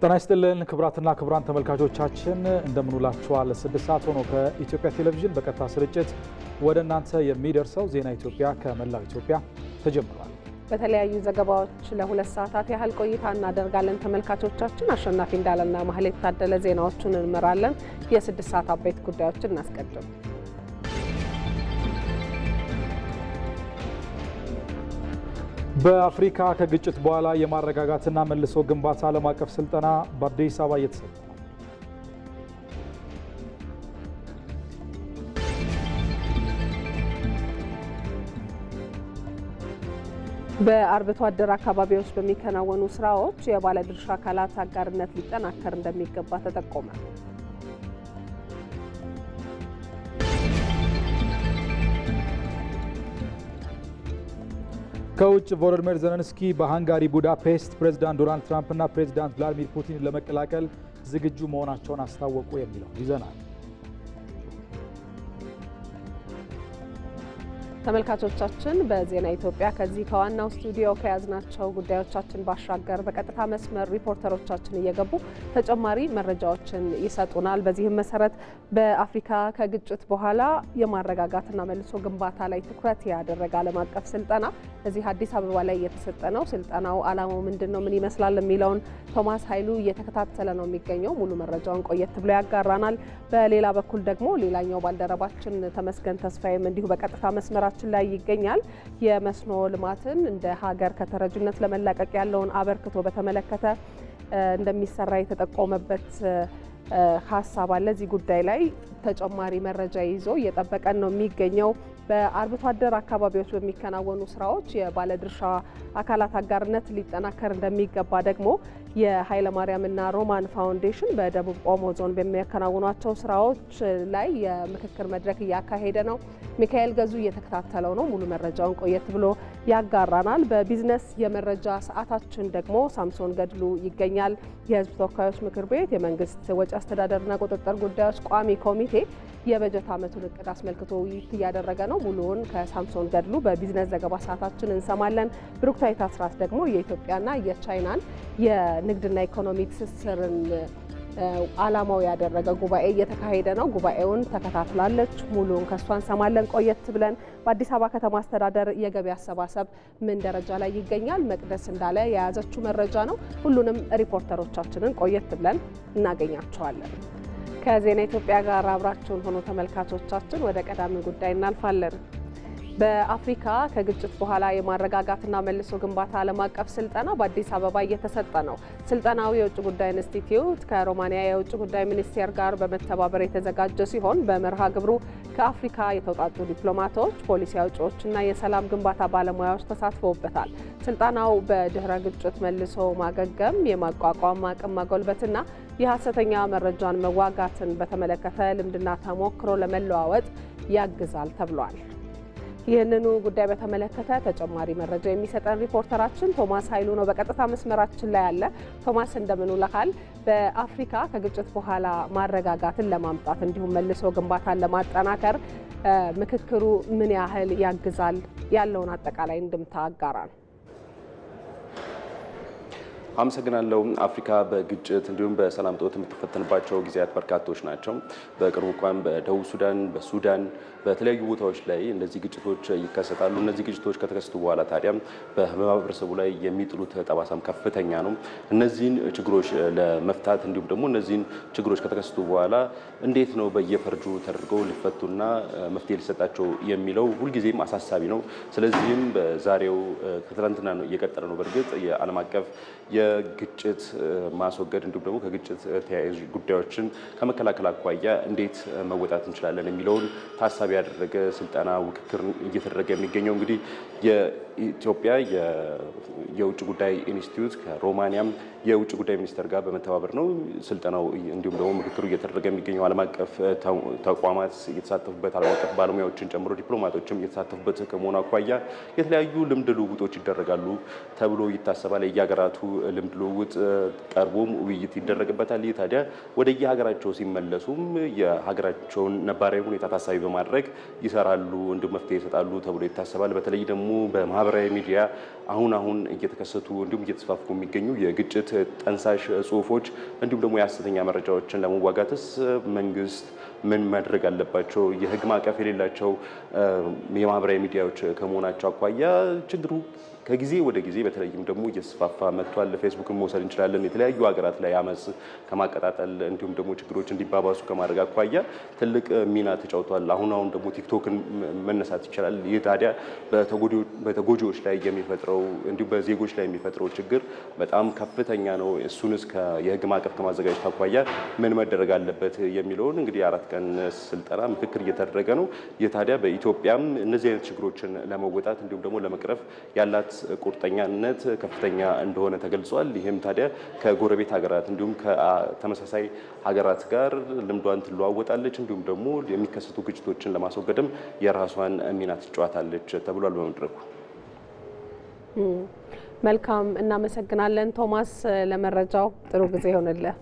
ጤና ይስጥልን ክብራትና ክብራን ተመልካቾቻችን እንደምንውላችኋል። ስድስት ሰዓት ሆኖ ከኢትዮጵያ ቴሌቪዥን በቀጥታ ስርጭት ወደ እናንተ የሚደርሰው ዜና ኢትዮጵያ ከመላው ኢትዮጵያ ተጀምሯል። በተለያዩ ዘገባዎች ለሁለት ሰዓታት ያህል ቆይታ እናደርጋለን። ተመልካቾቻችን አሸናፊ እንዳለና ማህሌት ታደለ ዜናዎቹን እንመራለን። የስድስት ሰዓት አበይት ጉዳዮችን እናስቀድም። በአፍሪካ ከግጭት በኋላ የማረጋጋትና መልሶ ግንባታ ዓለም አቀፍ ስልጠና በአዲስ አበባ እየተሰጠ በአርብቶ አደር አካባቢዎች በሚከናወኑ ስራዎች የባለድርሻ አካላት አጋርነት ሊጠናከር እንደሚገባ ተጠቆመ። ከውጭ ቮሎዲሚር ዘለንስኪ በሃንጋሪ ቡዳፔስት ፕሬዚዳንት ዶናልድ ትራምፕና ፕሬዚዳንት ቭላዲሚር ፑቲን ለመቀላቀል ዝግጁ መሆናቸውን አስታወቁ የሚለው ይዘናል። ተመልካቾቻችን በዜና ኢትዮጵያ ከዚህ ከዋናው ስቱዲዮ ከያዝናቸው ጉዳዮቻችን ባሻገር በቀጥታ መስመር ሪፖርተሮቻችን እየገቡ ተጨማሪ መረጃዎችን ይሰጡናል። በዚህም መሰረት በአፍሪካ ከግጭት በኋላ የማረጋጋትና መልሶ ግንባታ ላይ ትኩረት ያደረገ ዓለም አቀፍ ስልጠና እዚህ አዲስ አበባ ላይ እየተሰጠ ነው። ስልጠናው ዓላማው ምንድን ነው? ምን ይመስላል? የሚለውን ቶማስ ኃይሉ እየተከታተለ ነው የሚገኘው። ሙሉ መረጃውን ቆየት ብሎ ያጋራናል። በሌላ በኩል ደግሞ ሌላኛው ባልደረባችን ተመስገን ተስፋዬም እንዲሁ በቀጥታ መስመራ በመግባታችን ላይ ይገኛል። የመስኖ ልማትን እንደ ሀገር ከተረጅነት ለመላቀቅ ያለውን አበርክቶ በተመለከተ እንደሚሰራ የተጠቆመበት ሀሳብ አለ። እዚህ ጉዳይ ላይ ተጨማሪ መረጃ ይዞ እየጠበቀን ነው የሚገኘው። በአርብቶ አደር አካባቢዎች በሚከናወኑ ስራዎች የባለድርሻ አካላት አጋርነት ሊጠናከር እንደሚገባ ደግሞ የኃይለማርያምና ሮማን ፋውንዴሽን በደቡብ ኦሞ ዞን በሚያከናውኗቸው ስራዎች ላይ የምክክር መድረክ እያካሄደ ነው። ሚካኤል ገዙ እየተከታተለው ነው። ሙሉ መረጃውን ቆየት ብሎ ያጋራናል። በቢዝነስ የመረጃ ሰዓታችን ደግሞ ሳምሶን ገድሉ ይገኛል። የህዝብ ተወካዮች ምክር ቤት የመንግስት ወጪ አስተዳደርና ቁጥጥር ጉዳዮች ቋሚ ኮሚቴ የበጀት ዓመቱን እቅድ አስመልክቶ ውይይት እያደረገ ነው። ነው። ሙሉውን ከሳምሶን ገድሉ በቢዝነስ ዘገባ ሰዓታችን እንሰማለን። ብሩክታዊት አስራት ደግሞ የኢትዮጵያና የቻይናን የንግድና ኢኮኖሚ ትስስርን ዓላማው ያደረገ ጉባኤ እየተካሄደ ነው። ጉባኤውን ተከታትላለች። ሙሉውን ከእሷ እንሰማለን ቆየት ብለን። በአዲስ አበባ ከተማ አስተዳደር የገቢ አሰባሰብ ምን ደረጃ ላይ ይገኛል? መቅደስ እንዳለ የያዘችው መረጃ ነው። ሁሉንም ሪፖርተሮቻችንን ቆየት ብለን እናገኛቸዋለን። ከዜና ኢትዮጵያ ጋር አብራችሁን ሆኖ ተመልካቾቻችን፣ ወደ ቀዳሚ ጉዳይ እናልፋለን። በአፍሪካ ከግጭት በኋላ የማረጋጋትና መልሶ ግንባታ ዓለም አቀፍ ስልጠና በአዲስ አበባ እየተሰጠ ነው። ስልጠናው የውጭ ጉዳይ ኢንስቲትዩት ከሮማንያ የውጭ ጉዳይ ሚኒስቴር ጋር በመተባበር የተዘጋጀ ሲሆን በመርሃ ግብሩ ከአፍሪካ የተውጣጡ ዲፕሎማቶች፣ ፖሊሲ አውጪዎችና የሰላም ግንባታ ባለሙያዎች ተሳትፈውበታል። ስልጠናው በድህረ ግጭት መልሶ ማገገም፣ የማቋቋም አቅም ማጎልበትና የሀሰተኛ መረጃን መዋጋትን በተመለከተ ልምድና ተሞክሮ ለመለዋወጥ ያግዛል ተብሏል። ይህንኑ ጉዳይ በተመለከተ ተጨማሪ መረጃ የሚሰጠን ሪፖርተራችን ቶማስ ኃይሉ ነው። በቀጥታ መስመራችን ላይ ያለ ቶማስ፣ እንደምን ውለሃል? በአፍሪካ ከግጭት በኋላ ማረጋጋትን ለማምጣት እንዲሁም መልሶ ግንባታን ለማጠናከር ምክክሩ ምን ያህል ያግዛል? ያለውን አጠቃላይ እንድምታ አጋራ ነው። አመሰግናለሁ። አፍሪካ በግጭት እንዲሁም በሰላም ጦት የምትፈተንባቸው ጊዜያት በርካቶች ናቸው። በቅርቡ እንኳን በደቡብ ሱዳን፣ በሱዳን በተለያዩ ቦታዎች ላይ እነዚህ ግጭቶች ይከሰታሉ። እነዚህ ግጭቶች ከተከሰቱ በኋላ ታዲያ በማህበረሰቡ ላይ የሚጥሉት ጠባሳም ከፍተኛ ነው። እነዚህን ችግሮች ለመፍታት እንዲሁም ደግሞ እነዚህን ችግሮች ከተከሰቱ በኋላ እንዴት ነው በየፈርጁ ተደርገው ሊፈቱና መፍትሄ ሊሰጣቸው የሚለው ሁልጊዜም አሳሳቢ ነው። ስለዚህም በዛሬው ከትላንትና ነው እየቀጠለ ነው። በእርግጥ የዓለም አቀፍ የግጭት ማስወገድ እንዲሁም ደግሞ ከግጭት ተያያዥ ጉዳዮችን ከመከላከል አኳያ እንዴት መወጣት እንችላለን የሚለውን ታሳቢ ያደረገ ስልጠና ውክክር እየተደረገ የሚገኘው እንግዲህ የኢትዮጵያ የውጭ ጉዳይ ኢንስቲትዩት ከሮማኒያም የውጭ ጉዳይ ሚኒስቴር ጋር በመተባበር ነው ስልጠናው እንዲሁም ደግሞ ምክክሩ እየተደረገ የሚገኘው ዓለም አቀፍ ተቋማት የተሳተፉበት ዓለም አቀፍ ባለሙያዎችን ጨምሮ ዲፕሎማቶችም የተሳተፉበት ከመሆኑ አኳያ የተለያዩ ልምድ ልውውጦች ይደረጋሉ ተብሎ ይታሰባል። የየሀገራቱ ልምድ ልውውጥ ቀርቦም ውይይት ይደረግበታል። ይህ ታዲያ ወደየሀገራቸው ሲመለሱም የሀገራቸውን ነባራዊ ሁኔታ ታሳቢ በማድረግ ይሰራሉ፣ እንዲሁም መፍትሄ ይሰጣሉ ተብሎ ይታሰባል። በተለይ ደግሞ በማህበራዊ ሚዲያ አሁን አሁን እየተከሰቱ እንዲሁም እየተስፋፉ የሚገኙ የግጭት ጠንሳሽ ጽሁፎች እንዲሁም ደግሞ የሀሰተኛ መረጃዎችን ለመዋጋትስ መንግስት ምን ማድረግ አለባቸው? የህግ ማዕቀፍ የሌላቸው የማህበራዊ ሚዲያዎች ከመሆናቸው አኳያ ችግሩ ከጊዜ ወደ ጊዜ በተለይም ደግሞ እየስፋፋ መጥቷል። ፌስቡክን መውሰድ እንችላለን። የተለያዩ ሀገራት ላይ አመፅ ከማቀጣጠል እንዲሁም ደግሞ ችግሮች እንዲባባሱ ከማድረግ አኳያ ትልቅ ሚና ተጫውቷል። አሁን አሁን ደግሞ ቲክቶክን መነሳት ይችላል። ይህ ታዲያ በተጎጂዎች ላይ የሚፈጥረው እንዲሁም በዜጎች ላይ የሚፈጥረው ችግር በጣም ከፍተኛ ነው። እሱንስ የህግ ማዕቀፍ ከማዘጋጀት አኳያ ምን መደረግ አለበት የሚለውን እንግዲህ አራት ቀን ስልጠና፣ ምክክር እየተደረገ ነው። ይህ ታዲያ በኢትዮጵያም እነዚህ አይነት ችግሮችን ለመወጣት እንዲሁም ደግሞ ለመቅረፍ ያላት ቁርጠኛነት ከፍተኛ እንደሆነ ተገልጿል። ይህም ታዲያ ከጎረቤት ሀገራት እንዲሁም ከተመሳሳይ ሀገራት ጋር ልምዷን ትለዋወጣለች እንዲሁም ደግሞ የሚከሰቱ ግጭቶችን ለማስወገድም የራሷን ሚና ትጫወታለች ተብሏል በመድረኩ። መልካም እናመሰግናለን ቶማስ ለመረጃው ጥሩ ጊዜ ይሆንልህ።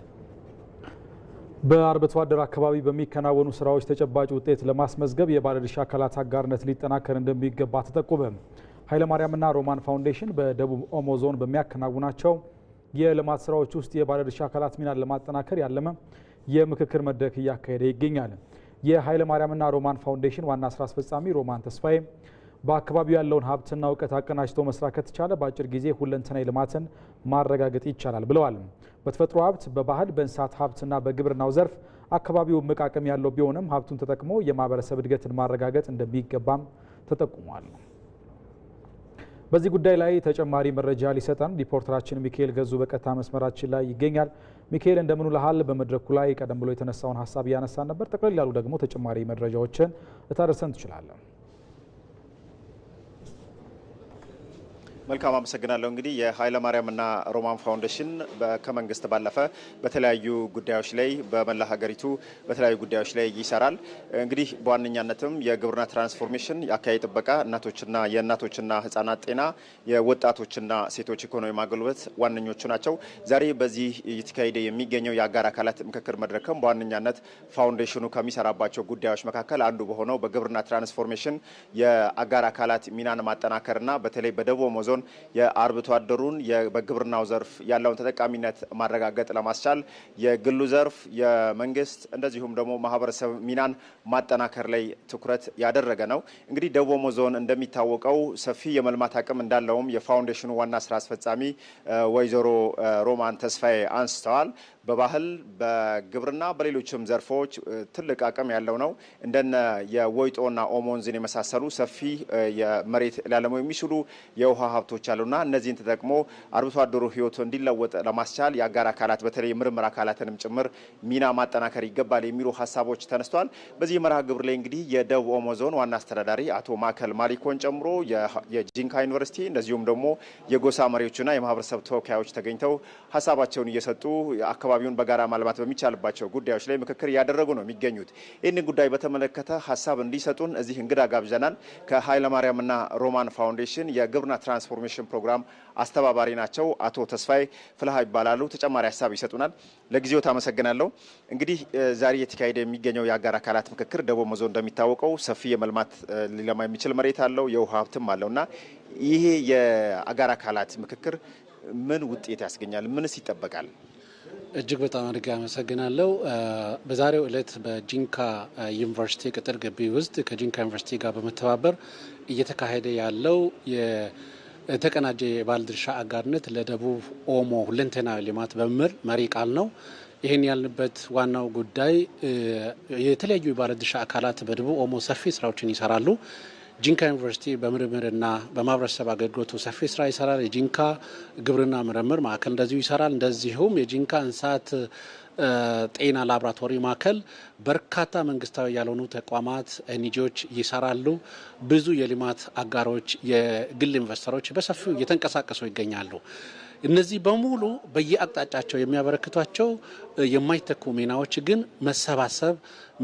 በአርብቶ አደር አካባቢ በሚከናወኑ ስራዎች ተጨባጭ ውጤት ለማስመዝገብ የባለድርሻ አካላት አጋርነት ሊጠናከር እንደሚገባ ተጠቆመ። ኃይለማርያምና ሮማን ፋውንዴሽን በደቡብ ኦሞ ዞን በሚያከናውናቸው የልማት ስራዎች ውስጥ የባለድርሻ አካላት ሚናን ለማጠናከር ያለመ የምክክር መድረክ እያካሄደ ይገኛል። የኃይለማርያምና ሮማን ፋውንዴሽን ዋና ስራ አስፈጻሚ ሮማን ተስፋዬ በአካባቢው ያለውን ሀብትና እውቀት አቀናጅቶ መስራት ከተቻለ በአጭር ጊዜ ሁለንተናዊ ልማትን ማረጋገጥ ይቻላል ብለዋል። በተፈጥሮ ሀብት፣ በባህል፣ በእንስሳት ሀብትና በግብርናው ዘርፍ አካባቢው እምቅ አቅም ያለው ቢሆንም ሀብቱን ተጠቅሞ የማህበረሰብ እድገትን ማረጋገጥ እንደሚገባም ተጠቁሟል። በዚህ ጉዳይ ላይ ተጨማሪ መረጃ ሊሰጠን ሪፖርተራችን ሚካኤል ገዙ በቀጥታ መስመራችን ላይ ይገኛል። ሚካኤል እንደምኑ ውለሃል? በመድረኩ ላይ ቀደም ብሎ የተነሳውን ሀሳብ እያነሳን ነበር። ጠቅለል ያሉ ደግሞ ተጨማሪ መረጃዎችን ልታደርሰን ትችላለን? መልካም አመሰግናለሁ። እንግዲህ የኃይለማርያምና ሮማን ፋውንዴሽን ከመንግስት ባለፈ በተለያዩ ጉዳዮች ላይ በመላ ሀገሪቱ በተለያዩ ጉዳዮች ላይ ይሰራል። እንግዲህ በዋነኛነትም የግብርና ትራንስፎርሜሽን፣ የአካባቢ ጥበቃ፣ እናቶችና የእናቶችና ህጻናት ጤና፣ የወጣቶችና ሴቶች ኢኮኖሚ ማጎልበት ዋነኞቹ ናቸው። ዛሬ በዚህ እየተካሄደ የሚገኘው የአጋር አካላት ምክክር መድረክም በዋነኛነት ፋውንዴሽኑ ከሚሰራባቸው ጉዳዮች መካከል አንዱ በሆነው በግብርና ትራንስፎርሜሽን የአጋር አካላት ሚናን ማጠናከርና በተለይ በደቡብ ሞዞ ዞን የአርብቶ አደሩን በግብርናው ዘርፍ ያለውን ተጠቃሚነት ማረጋገጥ ለማስቻል የግሉ ዘርፍ የመንግስት እንደዚሁም ደግሞ ማህበረሰብ ሚናን ማጠናከር ላይ ትኩረት ያደረገ ነው። እንግዲህ ደቡብ ኦሞ ዞን እንደሚታወቀው ሰፊ የመልማት አቅም እንዳለውም የፋውንዴሽኑ ዋና ስራ አስፈጻሚ ወይዘሮ ሮማን ተስፋዬ አንስተዋል። በባህል በግብርና በሌሎችም ዘርፎች ትልቅ አቅም ያለው ነው። እንደነ የወይጦና ኦሞንዝን የመሳሰሉ ሰፊ የመሬት ሊያለሙ የሚችሉ የውሃ ሀብቶች አሉና እነዚህን ተጠቅሞ አርብቶ አደሩ ህይወቱ እንዲለወጥ ለማስቻል የአጋር አካላት በተለይ የምርምር አካላትንም ጭምር ሚና ማጠናከር ይገባል የሚሉ ሀሳቦች ተነስተዋል። በዚህ መርሃ ግብር ላይ እንግዲህ የደቡብ ኦሞ ዞን ዋና አስተዳዳሪ አቶ ማዕከል ማሊኮን ጨምሮ የጂንካ ዩኒቨርሲቲ እንደዚሁም ደግሞ የጎሳ መሪዎችና የማህበረሰብ ተወካዮች ተገኝተው ሀሳባቸውን እየሰጡ አካባቢውን በጋራ ማልማት በሚቻልባቸው ጉዳዮች ላይ ምክክር እያደረጉ ነው የሚገኙት። ይህንን ጉዳይ በተመለከተ ሀሳብ እንዲሰጡን እዚህ እንግዳ ጋብዘናል። ከኃይለማርያምና ሮማን ፋውንዴሽን የግብርና ትራንስፎርሜሽን ፕሮግራም አስተባባሪ ናቸው። አቶ ተስፋዬ ፍልሃ ይባላሉ። ተጨማሪ ሀሳብ ይሰጡናል። ለጊዜው ታመሰግናለሁ። እንግዲህ ዛሬ የተካሄደ የሚገኘው የአጋር አካላት ምክክር ደቡብ መዞ እንደሚታወቀው ሰፊ የመልማት ሊለማ የሚችል መሬት አለው፣ የውሃ ሀብትም አለው እና ይሄ የአጋር አካላት ምክክር ምን ውጤት ያስገኛል? ምንስ ይጠበቃል? እጅግ በጣም አድርጌ አመሰግናለሁ። በዛሬው ዕለት በጂንካ ዩኒቨርሲቲ ቅጥር ግቢ ውስጥ ከጂንካ ዩኒቨርሲቲ ጋር በመተባበር እየተካሄደ ያለው የተቀናጀ የባለድርሻ አጋርነት ለደቡብ ኦሞ ሁለንተናዊ ልማት በምር መሪ ቃል ነው። ይህን ያልንበት ዋናው ጉዳይ የተለያዩ የባለድርሻ አካላት በደቡብ ኦሞ ሰፊ ስራዎችን ይሰራሉ። ጂንካ ዩኒቨርሲቲ በምርምርና በማህበረሰብ አገልግሎቱ ሰፊ ስራ ይሰራል። የጂንካ ግብርና ምርምር ማዕከል እንደዚሁ ይሰራል። እንደዚሁም የጂንካ እንስሳት ጤና ላብራቶሪ ማዕከል በርካታ መንግስታዊ ያልሆኑ ተቋማት ኤንጂዎች ይሰራሉ። ብዙ የልማት አጋሮች፣ የግል ኢንቨስተሮች በሰፊው እየተንቀሳቀሱ ይገኛሉ። እነዚህ በሙሉ በየአቅጣጫቸው የሚያበረክቷቸው የማይተኩ ሚናዎች ግን መሰባሰብ፣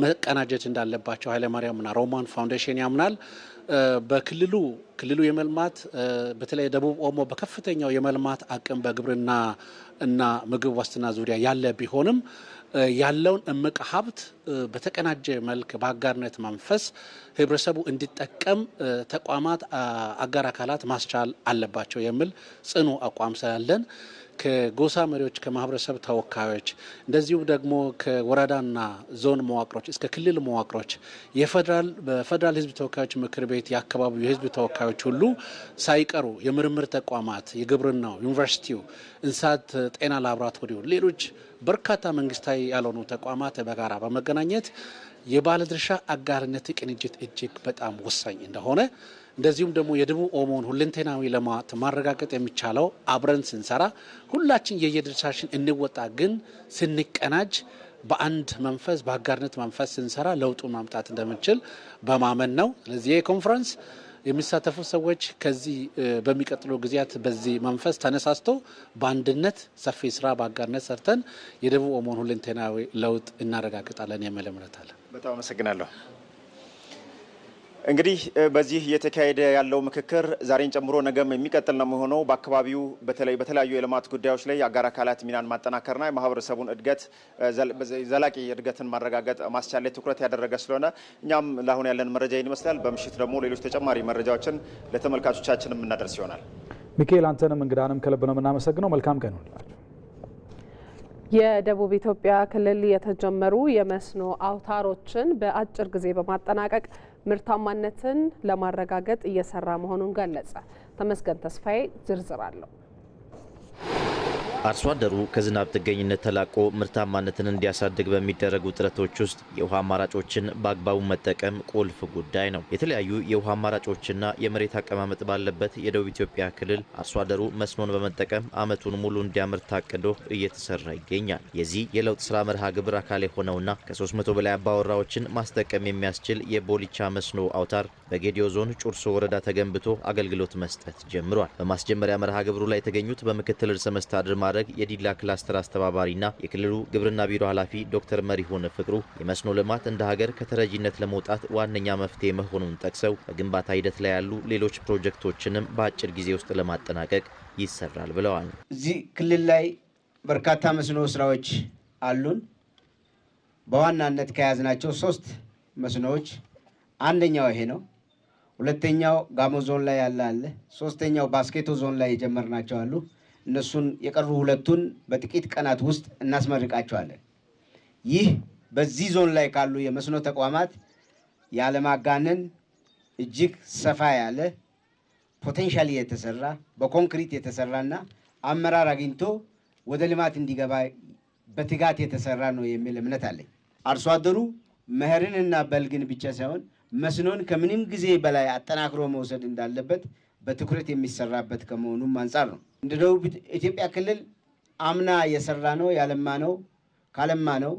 መቀናጀት እንዳለባቸው ኃይለማርያምና ሮማን ፋውንዴሽን ያምናል። በክልሉ ክልሉ የመልማት በተለይ ደቡብ ኦሞ በከፍተኛው የመልማት አቅም በግብርና እና ምግብ ዋስትና ዙሪያ ያለ ቢሆንም ያለውን እምቅ ሀብት በተቀናጀ መልክ በአጋርነት መንፈስ ህብረተሰቡ እንዲጠቀም ተቋማት፣ አጋር አካላት ማስቻል አለባቸው የሚል ጽኑ አቋም ስላለን ከጎሳ መሪዎች፣ ከማህበረሰብ ተወካዮች እንደዚሁም ደግሞ ከወረዳና ዞን መዋቅሮች እስከ ክልል መዋቅሮች በፌዴራል ህዝብ ተወካዮች ምክር ቤት የአካባቢው የህዝብ ተወካዮች ሁሉ ሳይቀሩ የምርምር ተቋማት፣ የግብርናው፣ ዩኒቨርሲቲው፣ እንስሳት ጤና ላቦራቶሪው፣ ሌሎች በርካታ መንግስታዊ ያልሆኑ ተቋማት በጋራ በመገናኘት የባለድርሻ አጋርነት ቅንጅት እጅግ በጣም ወሳኝ እንደሆነ እንደዚሁም ደግሞ የደቡብ ኦሞን ሁለንተናዊ ልማት ማረጋገጥ የሚቻለው አብረን ስንሰራ፣ ሁላችን የየድርሻችን እንወጣ፣ ግን ስንቀናጅ በአንድ መንፈስ በአጋርነት መንፈስ ስንሰራ ለውጡን ማምጣት እንደምንችል በማመን ነው። ስለዚህ ይህ ኮንፈረንስ የሚሳተፉ ሰዎች ከዚህ በሚቀጥሉ ጊዜያት በዚህ መንፈስ ተነሳስቶ በአንድነት ሰፊ ስራ በአጋርነት ሰርተን የደቡብ ኦሞን ሁለንተናዊ ለውጥ እናረጋግጣለን የሚል እምነት አለን። በጣም አመሰግናለሁ። እንግዲህ በዚህ እየተካሄደ ያለው ምክክር ዛሬን ጨምሮ ነገም የሚቀጥል ነው የሚሆነው። በአካባቢው በተለይ በተለያዩ የልማት ጉዳዮች ላይ የአጋር አካላት ሚናን ማጠናከርና የማህበረሰቡን እድገት ዘላቂ እድገትን ማረጋገጥ ማስቻል ላይ ትኩረት ያደረገ ስለሆነ እኛም ለአሁን ያለን መረጃ ይመስላል። በምሽት ደግሞ ሌሎች ተጨማሪ መረጃዎችን ለተመልካቾቻችን የምናደርስ ይሆናል። ሚካኤል፣ አንተንም እንግዳንም ከልብ ነው የምናመሰግነው። መልካም ቀን። የደቡብ ኢትዮጵያ ክልል የተጀመሩ የመስኖ አውታሮችን በአጭር ጊዜ በማጠናቀቅ ምርታማነትን ለማረጋገጥ እየሰራ መሆኑን ገለጸ። ተመስገን ተስፋዬ ዝርዝር አለው። አርሶ አደሩ ከዝናብ ጥገኝነት ተላቆ ምርታማነትን እንዲያሳድግ በሚደረጉ ጥረቶች ውስጥ የውሃ አማራጮችን በአግባቡ መጠቀም ቁልፍ ጉዳይ ነው። የተለያዩ የውሃ አማራጮችና የመሬት አቀማመጥ ባለበት የደቡብ ኢትዮጵያ ክልል አርሶ አደሩ መስኖን በመጠቀም ዓመቱን ሙሉ እንዲያምርት ታቅዶ እየተሰራ ይገኛል። የዚህ የለውጥ ስራ መርሃ ግብር አካል የሆነውና ከ300 በላይ አባወራዎችን ማስጠቀም የሚያስችል የቦሊቻ መስኖ አውታር በጌዲዮ ዞን ጩርሶ ወረዳ ተገንብቶ አገልግሎት መስጠት ጀምሯል። በማስጀመሪያ መርሃ ግብሩ ላይ የተገኙት በምክትል ርዕሰ መስተዳድር ማዕረግ የዲላ ክላስተር አስተባባሪና የክልሉ ግብርና ቢሮ ኃላፊ ዶክተር መሪሁን ፍቅሩ የመስኖ ልማት እንደ ሀገር ከተረጂነት ለመውጣት ዋነኛ መፍትሄ መሆኑን ጠቅሰው በግንባታ ሂደት ላይ ያሉ ሌሎች ፕሮጀክቶችንም በአጭር ጊዜ ውስጥ ለማጠናቀቅ ይሰራል ብለዋል። እዚህ ክልል ላይ በርካታ መስኖ ስራዎች አሉን። በዋናነት ከያዝናቸው ሶስት መስኖዎች አንደኛው ይሄ ነው። ሁለተኛው ጋሞ ዞን ላይ ያለ አለ። ሶስተኛው ባስኬቶ ዞን ላይ የጀመርናቸው አሉ። እነሱን የቀሩ ሁለቱን በጥቂት ቀናት ውስጥ እናስመርቃቸዋለን። ይህ በዚህ ዞን ላይ ካሉ የመስኖ ተቋማት ያለማጋነን እጅግ ሰፋ ያለ ፖቴንሻል የተሰራ በኮንክሪት የተሰራና አመራር አግኝቶ ወደ ልማት እንዲገባ በትጋት የተሰራ ነው የሚል እምነት አለኝ። አርሶ አደሩ መኸርንና በልግን ብቻ ሳይሆን መስኖን ከምንም ጊዜ በላይ አጠናክሮ መውሰድ እንዳለበት በትኩረት የሚሰራበት ከመሆኑም አንጻር ነው። እንደ ደቡብ ኢትዮጵያ ክልል አምና የሰራ ነው ያለማ ነው ካለማ ነው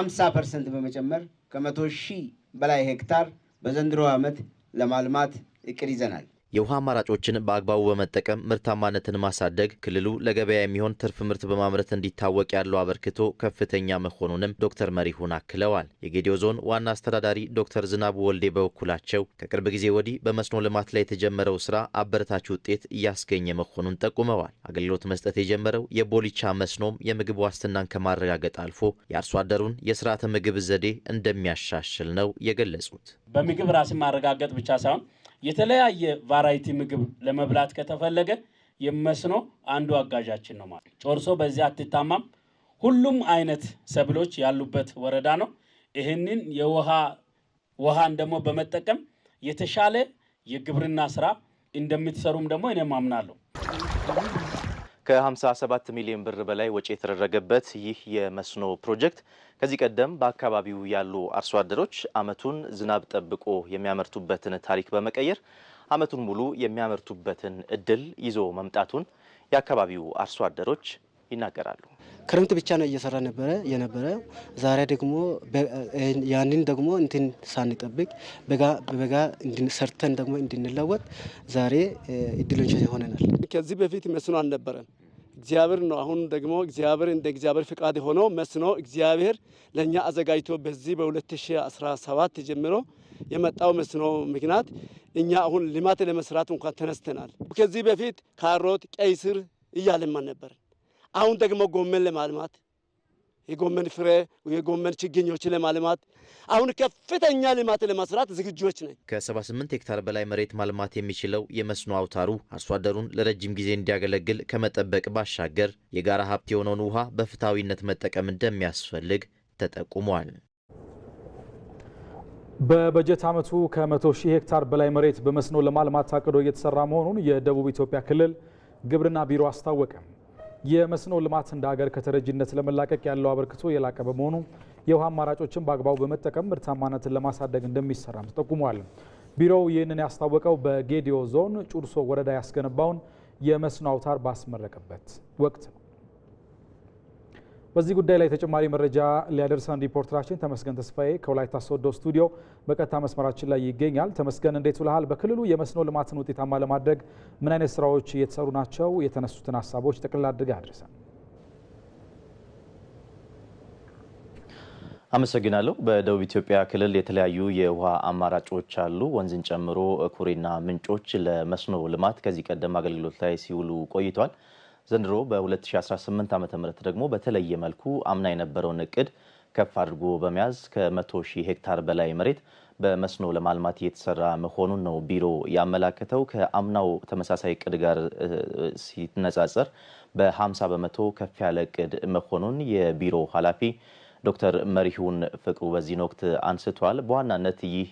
50 ፐርሰንት በመጨመር ከመቶ ሺህ በላይ ሄክታር በዘንድሮ ዓመት ለማልማት እቅድ ይዘናል። የውሃ አማራጮችን በአግባቡ በመጠቀም ምርታማነትን ማሳደግ ክልሉ ለገበያ የሚሆን ትርፍ ምርት በማምረት እንዲታወቅ ያለው አበርክቶ ከፍተኛ መሆኑንም ዶክተር መሪሁን አክለዋል። የጌዲዮ ዞን ዋና አስተዳዳሪ ዶክተር ዝናቡ ወልዴ በበኩላቸው ከቅርብ ጊዜ ወዲህ በመስኖ ልማት ላይ የተጀመረው ስራ አበረታች ውጤት እያስገኘ መሆኑን ጠቁመዋል። አገልግሎት መስጠት የጀመረው የቦሊቻ መስኖም የምግብ ዋስትናን ከማረጋገጥ አልፎ የአርሶ አደሩን የስርዓተ ምግብ ዘዴ እንደሚያሻሽል ነው የገለጹት። በምግብ ራስን ማረጋገጥ ብቻ ሳይሆን የተለያየ ቫራይቲ ምግብ ለመብላት ከተፈለገ የመስኖ አንዱ አጋዣችን ነው ማለት ጮርሶ በዚያ አትታማም። ሁሉም አይነት ሰብሎች ያሉበት ወረዳ ነው። ይህንን የውሃ ውሃን ደግሞ በመጠቀም የተሻለ የግብርና ስራ እንደምትሰሩም ደግሞ እኔም አምናለሁ። ከ57 ሚሊዮን ብር በላይ ወጪ የተደረገበት ይህ የመስኖ ፕሮጀክት ከዚህ ቀደም በአካባቢው ያሉ አርሶ አደሮች አመቱን ዝናብ ጠብቆ የሚያመርቱበትን ታሪክ በመቀየር አመቱን ሙሉ የሚያመርቱበትን እድል ይዞ መምጣቱን የአካባቢው አርሶ አደሮች ይናገራሉ። ክረምት ብቻ ነው እየሰራ ነበረ የነበረ። ዛሬ ደግሞ ያንን ደግሞ እንትን ሳንጠብቅ በጋ በበጋ ሰርተን ደግሞ እንድንለወጥ ዛሬ እድሎች ይሆነናል። ከዚህ በፊት መስኖ አልነበረን እግዚአብሔር ነው። አሁን ደግሞ እግዚአብሔር እንደ እግዚአብሔር ፍቃድ ሆኖ መስኖ እግዚአብሔር ለእኛ አዘጋጅቶ በዚህ በ2017 ጀምሮ የመጣው መስኖ ምክንያት እኛ አሁን ልማት ለመስራት እንኳን ተነስተናል። ከዚህ በፊት ካሮት፣ ቀይ ስር እያለማን ነበር። አሁን ደግሞ ጎመን ለማልማት የጎመን ፍሬ የጎመን ችግኞች ለማልማት አሁን ከፍተኛ ልማት ለማስራት ዝግጆች ነን። ከ78 ሄክታር በላይ መሬት ማልማት የሚችለው የመስኖ አውታሩ አርሶ አደሩን ለረጅም ጊዜ እንዲያገለግል ከመጠበቅ ባሻገር የጋራ ሀብት የሆነውን ውሃ በፍትሐዊነት መጠቀም እንደሚያስፈልግ ተጠቁሟል። በበጀት ዓመቱ ከ100 ሺህ ሄክታር በላይ መሬት በመስኖ ለማልማት ታቅዶ እየተሰራ መሆኑን የደቡብ ኢትዮጵያ ክልል ግብርና ቢሮ አስታወቀ። የመስኖ ልማት እንደ ሀገር ከተረጂነት ለመላቀቅ ያለው አበርክቶ የላቀ በመሆኑ የውሃ አማራጮችን በአግባቡ በመጠቀም ምርታማነትን ለማሳደግ እንደሚሰራም ተጠቁሟል። ቢሮው ይህንን ያስታወቀው በጌዲዮ ዞን ጩርሶ ወረዳ ያስገነባውን የመስኖ አውታር ባስመረቀበት ወቅት ነው። በዚህ ጉዳይ ላይ ተጨማሪ መረጃ ሊያደርሰን ሪፖርተራችን ተመስገን ተስፋዬ ከወላይታ ሶዶ ስቱዲዮ በቀጥታ መስመራችን ላይ ይገኛል። ተመስገን እንዴት ውልሃል? በክልሉ የመስኖ ልማትን ውጤታማ ለማድረግ ምን አይነት ስራዎች እየተሰሩ ናቸው? የተነሱትን ሀሳቦች ጠቅልላ አድርገህ አድርሰን። አመሰግናለሁ። በደቡብ ኢትዮጵያ ክልል የተለያዩ የውሃ አማራጮች አሉ። ወንዝን ጨምሮ ኩሬና ምንጮች ለመስኖ ልማት ከዚህ ቀደም አገልግሎት ላይ ሲውሉ ቆይቷል። ዘንድሮ በ2018 ዓ ም ደግሞ በተለየ መልኩ አምና የነበረውን እቅድ ከፍ አድርጎ በመያዝ ከ100 ሺህ ሄክታር በላይ መሬት በመስኖ ለማልማት እየተሰራ መሆኑን ነው ቢሮ ያመላከተው። ከአምናው ተመሳሳይ እቅድ ጋር ሲነጻጸር በ50 በመቶ ከፍ ያለ እቅድ መሆኑን የቢሮ ኃላፊ ዶክተር መሪሁን ፍቅሩ በዚህን ወቅት አንስቷል። በዋናነት ይህ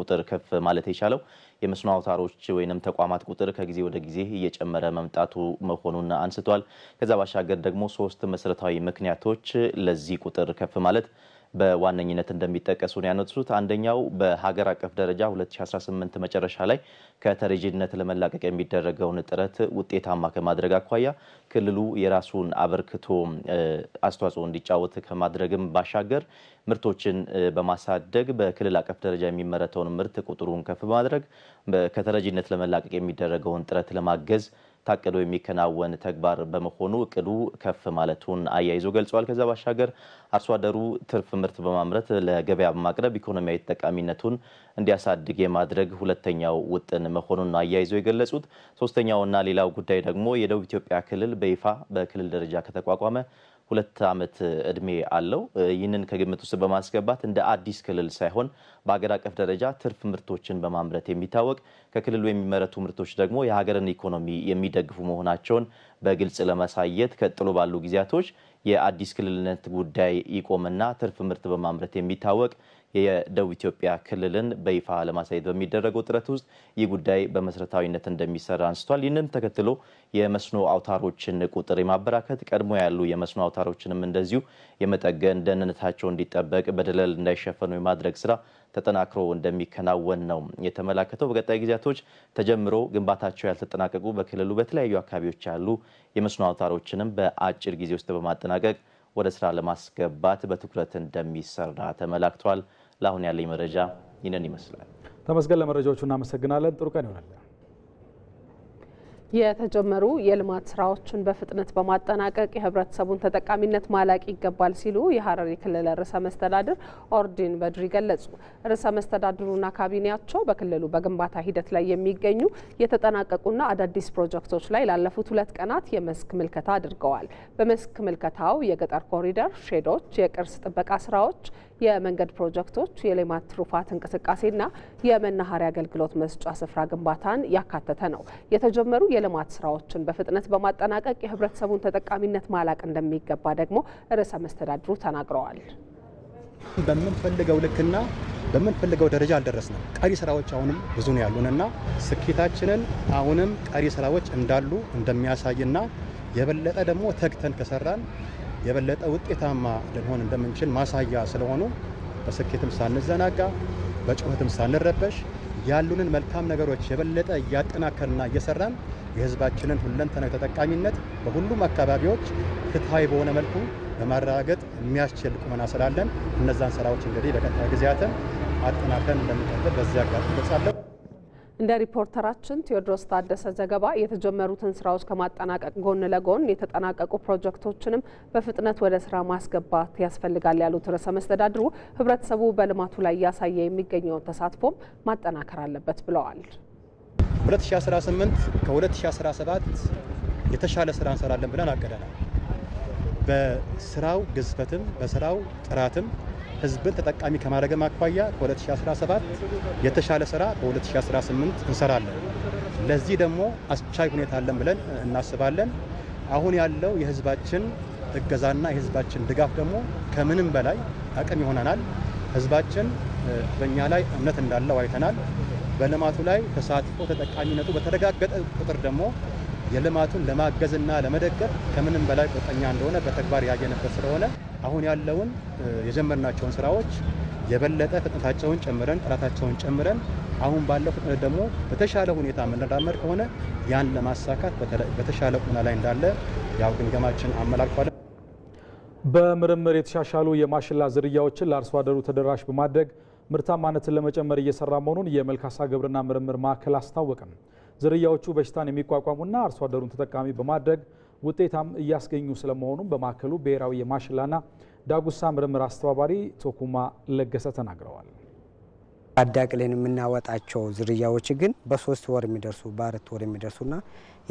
ቁጥር ከፍ ማለት የቻለው የመስኖ አውታሮች ወይንም ተቋማት ቁጥር ከጊዜ ወደ ጊዜ እየጨመረ መምጣቱ መሆኑን አንስቷል። ከዛ ባሻገር ደግሞ ሶስት መሰረታዊ ምክንያቶች ለዚህ ቁጥር ከፍ ማለት በዋነኝነት እንደሚጠቀሱ ነው ያነሱት። አንደኛው በሀገር አቀፍ ደረጃ 2018 መጨረሻ ላይ ከተረጂነት ለመላቀቅ የሚደረገውን ጥረት ውጤታማ ከማድረግ አኳያ ክልሉ የራሱን አበርክቶ አስተዋጽኦ እንዲጫወት ከማድረግም ባሻገር ምርቶችን በማሳደግ በክልል አቀፍ ደረጃ የሚመረተውን ምርት ቁጥሩን ከፍ በማድረግ ከተረጂነት ለመላቀቅ የሚደረገውን ጥረት ለማገዝ ታቅዶ የሚከናወን ተግባር በመሆኑ እቅዱ ከፍ ማለቱን አያይዞ ገልጸዋል። ከዛ ባሻገር አርሶ አደሩ ትርፍ ምርት በማምረት ለገበያ በማቅረብ ኢኮኖሚያዊ ተጠቃሚነቱን እንዲያሳድግ የማድረግ ሁለተኛው ውጥን መሆኑን አያይዞ የገለጹት። ሶስተኛውና ሌላው ጉዳይ ደግሞ የደቡብ ኢትዮጵያ ክልል በይፋ በክልል ደረጃ ከተቋቋመ ሁለት ዓመት እድሜ አለው። ይህንን ከግምት ውስጥ በማስገባት እንደ አዲስ ክልል ሳይሆን በሀገር አቀፍ ደረጃ ትርፍ ምርቶችን በማምረት የሚታወቅ ከክልሉ የሚመረቱ ምርቶች ደግሞ የሀገርን ኢኮኖሚ የሚደግፉ መሆናቸውን በግልጽ ለማሳየት ቀጥሎ ባሉ ጊዜያቶች የአዲስ ክልልነት ጉዳይ ይቆምና ትርፍ ምርት በማምረት የሚታወቅ የደቡብ ኢትዮጵያ ክልልን በይፋ ለማሳየት በሚደረገው ጥረት ውስጥ ይህ ጉዳይ በመሰረታዊነት እንደሚሰራ አንስቷል። ይህንም ተከትሎ የመስኖ አውታሮችን ቁጥር የማበራከት ቀድሞ ያሉ የመስኖ አውታሮችንም እንደዚሁ የመጠገን ደህንነታቸው እንዲጠበቅ በደለል እንዳይሸፈኑ የማድረግ ስራ ተጠናክሮ እንደሚከናወን ነው የተመላከተው። በቀጣይ ጊዜያቶች ተጀምሮ ግንባታቸው ያልተጠናቀቁ በክልሉ በተለያዩ አካባቢዎች ያሉ የመስኖ አውታሮችንም በአጭር ጊዜ ውስጥ በማጠናቀቅ ወደ ስራ ለማስገባት በትኩረት እንደሚሰራ ተመላክቷል። ለአሁን ያለኝ መረጃ ይነን ይመስላል። ተመስገን፣ ለመረጃዎቹ እናመሰግናለን። ጥሩ ቀን ይሆናል። የተጀመሩ የልማት ስራዎችን በፍጥነት በማጠናቀቅ የህብረተሰቡን ተጠቃሚነት ማላቅ ይገባል ሲሉ የሀረሪ ክልል ርዕሰ መስተዳድር ኦርዲን በድሪ ገለጹ። ርዕሰ መስተዳድሩና ካቢኔያቸው በክልሉ በግንባታ ሂደት ላይ የሚገኙ የተጠናቀቁና አዳዲስ ፕሮጀክቶች ላይ ላለፉት ሁለት ቀናት የመስክ ምልከታ አድርገዋል። በመስክ ምልከታው የገጠር ኮሪደር፣ ሼዶች፣ የቅርስ ጥበቃ ስራዎች የመንገድ ፕሮጀክቶች፣ የሌማት ትሩፋት እንቅስቃሴና የመናኸሪያ አገልግሎት መስጫ ስፍራ ግንባታን ያካተተ ነው። የተጀመሩ የልማት ስራዎችን በፍጥነት በማጠናቀቅ የህብረተሰቡን ተጠቃሚነት ማላቅ እንደሚገባ ደግሞ ርዕሰ መስተዳድሩ ተናግረዋል። በምንፈልገው ልክና በምንፈልገው ደረጃ አልደረስንም። ቀሪ ስራዎች አሁንም ብዙ ነው ያሉንና ስኬታችንን አሁንም ቀሪ ስራዎች እንዳሉ እንደሚያሳይና የበለጠ ደግሞ ተግተን ከሰራን የበለጠ ውጤታማ ልንሆን እንደምንችል ማሳያ ስለሆኑ በስኬትም ሳንዘናጋ በጩኸትም ሳንረበሽ ያሉንን መልካም ነገሮች የበለጠ እያጠናከርና እየሰራን የሕዝባችንን ሁለንተናዊ ተጠቃሚነት በሁሉም አካባቢዎች ፍትሐዊ በሆነ መልኩ በማረጋገጥ የሚያስችል ቁመና ስላለን እነዛን ስራዎች እንግዲህ በቀጣይ ጊዜያትን አጠናክረን እንደምንቀጥል በዚህ አጋጣሚ ገልጻለሁ። እንደ ሪፖርተራችን ቴዎድሮስ ታደሰ ዘገባ የተጀመሩትን ስራዎች ከማጠናቀቅ ጎን ለጎን የተጠናቀቁ ፕሮጀክቶችንም በፍጥነት ወደ ስራ ማስገባት ያስፈልጋል ያሉት ርዕሰ መስተዳድሩ ህብረተሰቡ በልማቱ ላይ እያሳየ የሚገኘውን ተሳትፎም ማጠናከር አለበት ብለዋል። 2018 ከ2017 የተሻለ ስራ እንሰራለን ብለን አቅደናል። በስራው ግዝፈትም በስራው ጥራትም ህዝብን ተጠቃሚ ከማድረግም አኳያ ከ2017 የተሻለ ስራ በ2018 እንሰራለን። ለዚህ ደግሞ አስቻይ ሁኔታ አለን ብለን እናስባለን። አሁን ያለው የህዝባችን እገዛና የህዝባችን ድጋፍ ደግሞ ከምንም በላይ አቅም ይሆነናል። ህዝባችን በእኛ ላይ እምነት እንዳለው አይተናል። በልማቱ ላይ ተሳትፎ ተጠቃሚነቱ በተረጋገጠ ቁጥር ደግሞ የልማቱን ለማገዝና ለመደገፍ ከምንም በላይ ቁርጠኛ እንደሆነ በተግባር ያየነበት ስለሆነ አሁን ያለውን የጀመርናቸውን ስራዎች የበለጠ ፍጥነታቸውን ጨምረን ጥራታቸውን ጨምረን አሁን ባለው ፍጥነት ደግሞ በተሻለ ሁኔታ የምንራመድ ከሆነ ያን ለማሳካት በተሻለ ቁና ላይ እንዳለ ያው ግምገማችን አመላክቷል። በምርምር የተሻሻሉ የማሽላ ዝርያዎችን ለአርሶ አደሩ ተደራሽ በማድረግ ምርታማነትን ለመጨመር እየሰራ መሆኑን የመልካሳ ግብርና ምርምር ማዕከል አስታወቀም። ዝርያዎቹ በሽታን የሚቋቋሙና አርሶ አደሩን ተጠቃሚ በማድረግ ውጤታም እያስገኙ ስለመሆኑም በማዕከሉ ብሔራዊ የማሽላና ዳጉሳ ምርምር አስተባባሪ ቶኩማ ለገሰ ተናግረዋል። አዳቅሌን የምናወጣቸው ዝርያዎች ግን በሶስት ወር የሚደርሱ በአራት ወር የሚደርሱና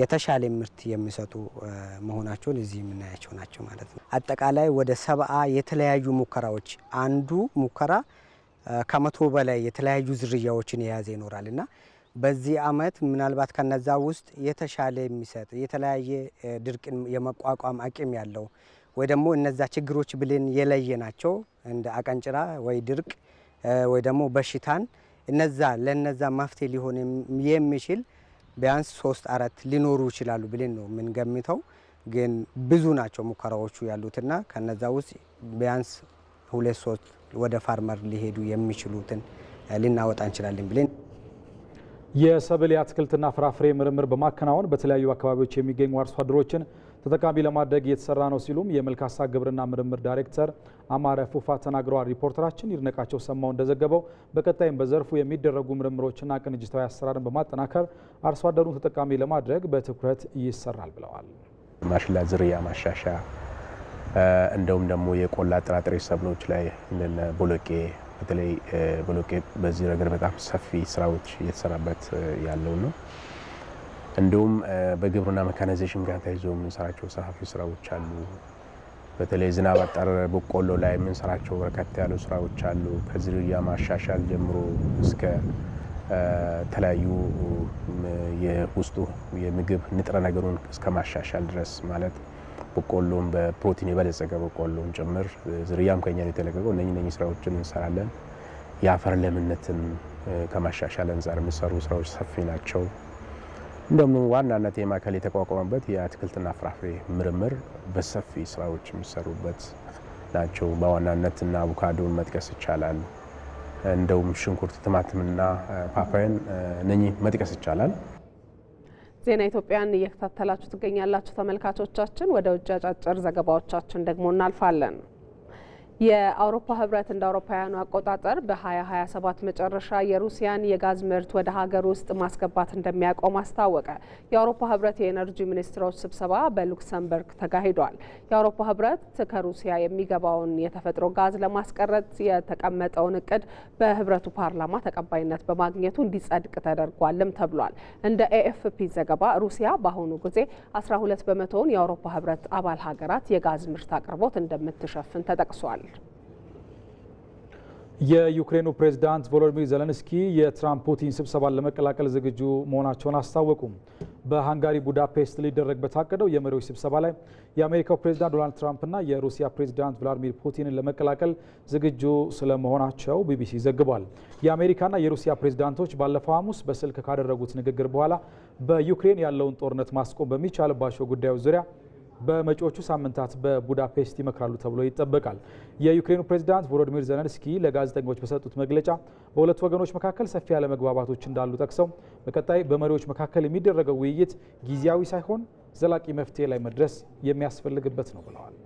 የተሻለ ምርት የሚሰጡ መሆናቸውን እዚህ የምናያቸው ናቸው ማለት ነው። አጠቃላይ ወደ ሰብአ የተለያዩ ሙከራዎች አንዱ ሙከራ ከመቶ በላይ የተለያዩ ዝርያዎችን የያዘ ይኖራል እና በዚህ አመት ምናልባት ከነዛ ውስጥ የተሻለ የሚሰጥ የተለያየ ድርቅን የመቋቋም አቅም ያለው ወይ ደግሞ እነዛ ችግሮች ብለን የለየ ናቸው እንደ አቀንጭራ ወይ ድርቅ ወይ ደግሞ በሽታን እነዛ ለነዛ መፍትሄ ሊሆን የሚችል ቢያንስ ሶስት አራት ሊኖሩ ይችላሉ ብለን ነው የምንገምተው። ግን ብዙ ናቸው ሙከራዎቹ ያሉትና ከነዛ ውስጥ ቢያንስ ሁለት ሶስት ወደ ፋርመር ሊሄዱ የሚችሉትን ልናወጣ እንችላለን ብለን የሰብል የአትክልትና ፍራፍሬ ምርምር በማከናወን በተለያዩ አካባቢዎች የሚገኙ አርሶ አደሮችን ተጠቃሚ ለማድረግ እየተሰራ ነው ሲሉም የመልካሳ ግብርና ምርምር ዳይሬክተር አማረ ፉፋ ተናግረዋል። ሪፖርተራችን ይድነቃቸው ሰማው እንደዘገበው በቀጣይም በዘርፉ የሚደረጉ ምርምሮችና ቅንጅታዊ አሰራርን በማጠናከር አርሶ አደሩን ተጠቃሚ ለማድረግ በትኩረት ይሰራል ብለዋል። ማሽላ ዝርያ ማሻሻ እንደውም ደግሞ የቆላ ጥራጥሬ ሰብሎች ላይ ቦሎቄ በተለይ ብሎቄ በዚህ ነገር በጣም ሰፊ ስራዎች እየተሰራበት ያለው ነው። እንዲሁም በግብርና መካናይዜሽን ጋር ተይዞ የምንሰራቸው ሰፋፊ ስራዎች አሉ። በተለይ ዝናብ አጠር በቆሎ ላይ የምንሰራቸው በርካታ ያሉ ስራዎች አሉ። ከዝርያ ማሻሻል ጀምሮ እስከ ተለያዩ የውስጡ የምግብ ንጥረ ነገሩን እስከ ማሻሻል ድረስ ማለት በቆሎም በፕሮቲን የበለጸገ በቆሎም ጭምር ዝርያም ከኛ የተለቀቀው። እነኚህ ስራዎችን እንሰራለን። የአፈር ለምነትን ከማሻሻል አንጻር የሚሰሩ ስራዎች ሰፊ ናቸው። እንደም ዋናነት የማዕከል የተቋቋመበት የአትክልትና ፍራፍሬ ምርምር በሰፊ ስራዎች የሚሰሩበት ናቸው። በዋናነትና አቮካዶን መጥቀስ ይቻላል። እንደውም ሽንኩርት፣ ቲማቲምና ፓፓያን እነኚህ መጥቀስ ይቻላል። ዜና ኢትዮጵያን እየከታተላችሁ ትገኛላችሁ ተመልካቾቻችን። ወደ ውጭ አጫጭር ዘገባዎቻችን ደግሞ እናልፋለን። የአውሮፓ ህብረት እንደ አውሮፓውያኑ አቆጣጠር በ2027 መጨረሻ የሩሲያን የጋዝ ምርት ወደ ሀገር ውስጥ ማስገባት እንደሚያቆም አስታወቀ። የአውሮፓ ህብረት የኤነርጂ ሚኒስትሮች ስብሰባ በሉክሰምበርግ ተካሂዷል። የአውሮፓ ህብረት ከሩሲያ የሚገባውን የተፈጥሮ ጋዝ ለማስቀረት የተቀመጠውን እቅድ በህብረቱ ፓርላማ ተቀባይነት በማግኘቱ እንዲጸድቅ ተደርጓልም ተብሏል። እንደ ኤኤፍፒ ዘገባ ሩሲያ በአሁኑ ጊዜ 12 በመቶውን የአውሮፓ ህብረት አባል ሀገራት የጋዝ ምርት አቅርቦት እንደምትሸፍን ተጠቅሷል። የዩክሬኑ ፕሬዝዳንት ቮሎዲሚር ዘለንስኪ የትራምፕ ፑቲን ስብሰባን ለመቀላቀል ዝግጁ መሆናቸውን አስታወቁ። በሃንጋሪ ቡዳፔስት ሊደረግ በታቀደው የመሪዎች ስብሰባ ላይ የአሜሪካው ፕሬዝዳንት ዶናልድ ትራምፕና የሩሲያ ፕሬዝዳንት ቭላዲሚር ፑቲንን ለመቀላቀል ዝግጁ ስለመሆናቸው ቢቢሲ ዘግቧል። የአሜሪካና የሩሲያ ፕሬዝዳንቶች ባለፈው ሐሙስ በስልክ ካደረጉት ንግግር በኋላ በዩክሬን ያለውን ጦርነት ማስቆም በሚቻልባቸው ጉዳዮች ዙሪያ በመጪዎቹ ሳምንታት በቡዳፔስት ይመክራሉ ተብሎ ይጠበቃል። የዩክሬኑ ፕሬዚዳንት ቮሎዲሚር ዘለንስኪ ለጋዜጠኞች በሰጡት መግለጫ በሁለቱ ወገኖች መካከል ሰፊ ያለመግባባቶች እንዳሉ ጠቅሰው በቀጣይ በመሪዎች መካከል የሚደረገው ውይይት ጊዜያዊ ሳይሆን ዘላቂ መፍትሄ ላይ መድረስ የሚያስፈልግበት ነው ብለዋል።